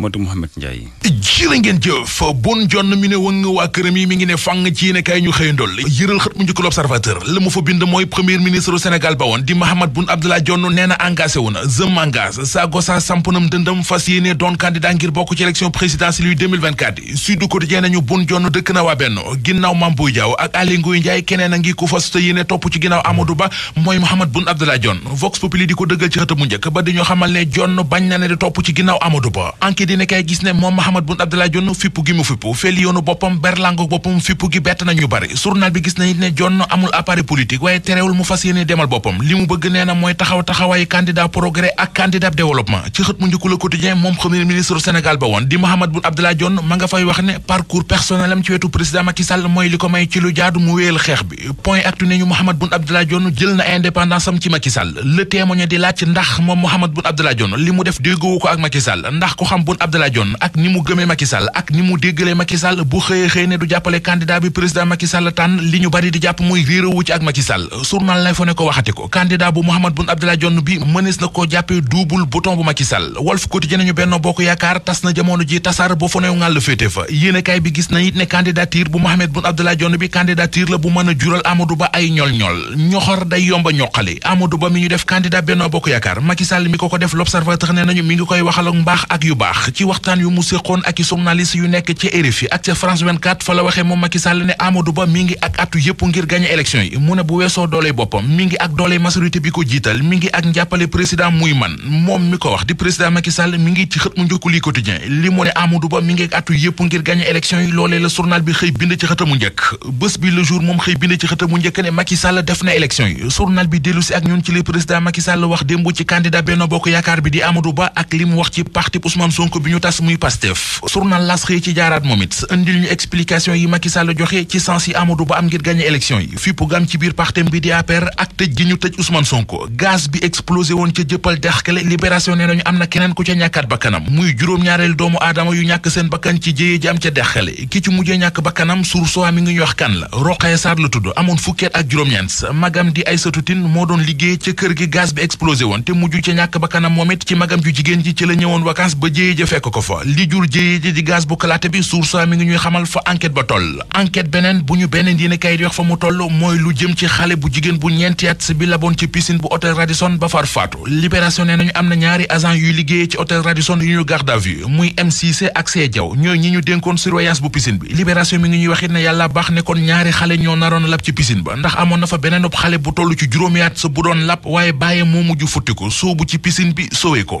Mamadou jëf bon jonn mi ne wëng waa këram yi mi ngi ne fàng ci yéene kaay ñu xëy ndol yëral xët mu njëkk l'observateur la mu fa bind mooy premier ministre Sénégal ba woon di Mahammed Boun Abdallah Dionne nee na engagé na je m'engage sa gosa sampanam dëndam fas yéene doon candidat ngir bokk ci élection présidentielle yu 2024 yi Sud Quotidien nañu bun jonn dëkk na waa Benno ginnaaw Mame Boye ak Aly Ngouille Ndiaye keneen a ngi ko dëggal ci xët mu topp ci ginnaaw dina kay gis ne moom Mahammed Boun Abdallah Dionne fippu gi mu fippu yoonu boppam berlango boppam fippu gi bett nañu bari journal bi gis na it ne Dionne amul appareil politique waaye terewul mu fas yéene demal boppam li mu bëgg nee na mooy taxaw taxawaayu candidat progrès ak candidat développement ci xët moom premier ministre Sénégal ba woon di Mahammed ma nga fay wax ne parcours personnel am ci wetu président Macky Sall mooy li ko may ci lu jaadu mu wéyal xeex bi point actu ne ñu Mahammed Boun Abdallah Dionne jël na indépendance am ci Macky Sall le témoin di laaj ndax moom Mahammed Boun Abdallah Dionne li mu def déggowu ko ak Macky ndax ko xam Boun Abdoulaye Dione ak ni mu gëmee Macky Sall ak ni mu déggalee Macky Sall bu xëyee xëy ne du jàppale candidat bi président Macky Sall tànn li ñu bari di jàpp muy réeréwu ci ak Macky Sall journal lay fa ne ko waxati ko candidat bu Mahammed Boun Abdallah Dionne bi mënees na koo jàppee double bouton bu Macky Sall Walf Quotidien ñu Benno Bokk Yaakaar tas na jamono ji tasar ba fa new ngàll féete fa yéenekaay bi gis na it ne candidature bu Mahammed Boun Abdallah Dionne bi candidature la bu mën a jural Amadou Ba ay ñol-ñol ñoxor day yomba ñoqali Amadou Ba ñu def candidat Benno Bokk Yaakaar Macky Sall ko ko def L'Observateur ne nañu mi ngi koy waxal ak ak yu baax ci waxtaan yu mu séqoon ak i journaliste yu nekk ca RFI ak ca France 24 fa la waxee moom Macky ne Amadou Ba mi ngi ak atu yëpp ngir gagné élection yi mu ne bu weesoo doole boppam mi ngi ak doole majorité bi ko jiital mi ngi ak njàppale président muy man moom mi ko wax di président Macky Sall mi ngi ci xët mu njëkk li quotidien li mu ne Amadou Ba mi ngi atu yëpp ngir gagné élection yi loolee la journal bi xëy bind ci xëtamu njëkk bi le jour moom xëy bind ci njëkk ne Macky Sall def na élection yi journal bi dellu si ak ñun ci li président Macky Sall wax démb ci candidat Benno Bokk Yaakaar li mu wax ci parti Ousmane ko bi ñu tas muy Pastef journal L'As xëy ci jaaraat moom it indil ñu explication yi Macky Sall joxe ci sens yi Amadou Ba am ngir gagné élection yi fippu gam ci biir partem bi di APR ak tëj gi ñu tëj Ousmane Sonko gaz bi explosé woon ca jëppal dexkale libération nee nañu am na keneen ku ca ñàkkaat bakkanam muy juróom-ñaareel doomu aadama yu ñàkk seen bakkan ci jéyee ji am ca dexkale ki ci mujjee ñàkk bakkanam sur soa mi ngi ñu wax kan la Roqaya Sarr la tudd amoon fukkeet ak juróom-ñeent magam di Aïssatou Tine moo doon liggéey ca kër gi gaz bi explosé woon te mujj ca ñàkk bakkanam moom it ci magam ju jigéen ji ci la ñëwoon vacances ja fekk ko fa li jur jëye di bu kalaate bi source mi ngi ñuy xamal fa enquête ba toll enquête beneen bu ñu beneen yéen kay wax fa mu toll mooy lu jëm ci xale bu jigéen bu ñeenti at bi laboon ci piscine bu hôtel Radisson ba far faatu libération nee nañu am na ñaari agent yuy liggéeye ci hôtel Radisson yu ñu garde à vue muy M6 ak see jaw ñooy ñi ñu dénkoon surveillance bu pisin bi libération mi ngi ñuy waxit ne yàlla baax ne kon ñaari xale ñoo naroon lab ci piscine ba ndax amoon na fa beneen xale bu toll ci juróomi bu doon lab waaye bàyyee moo mujj futtiku soobu ci pisin bi sowee ko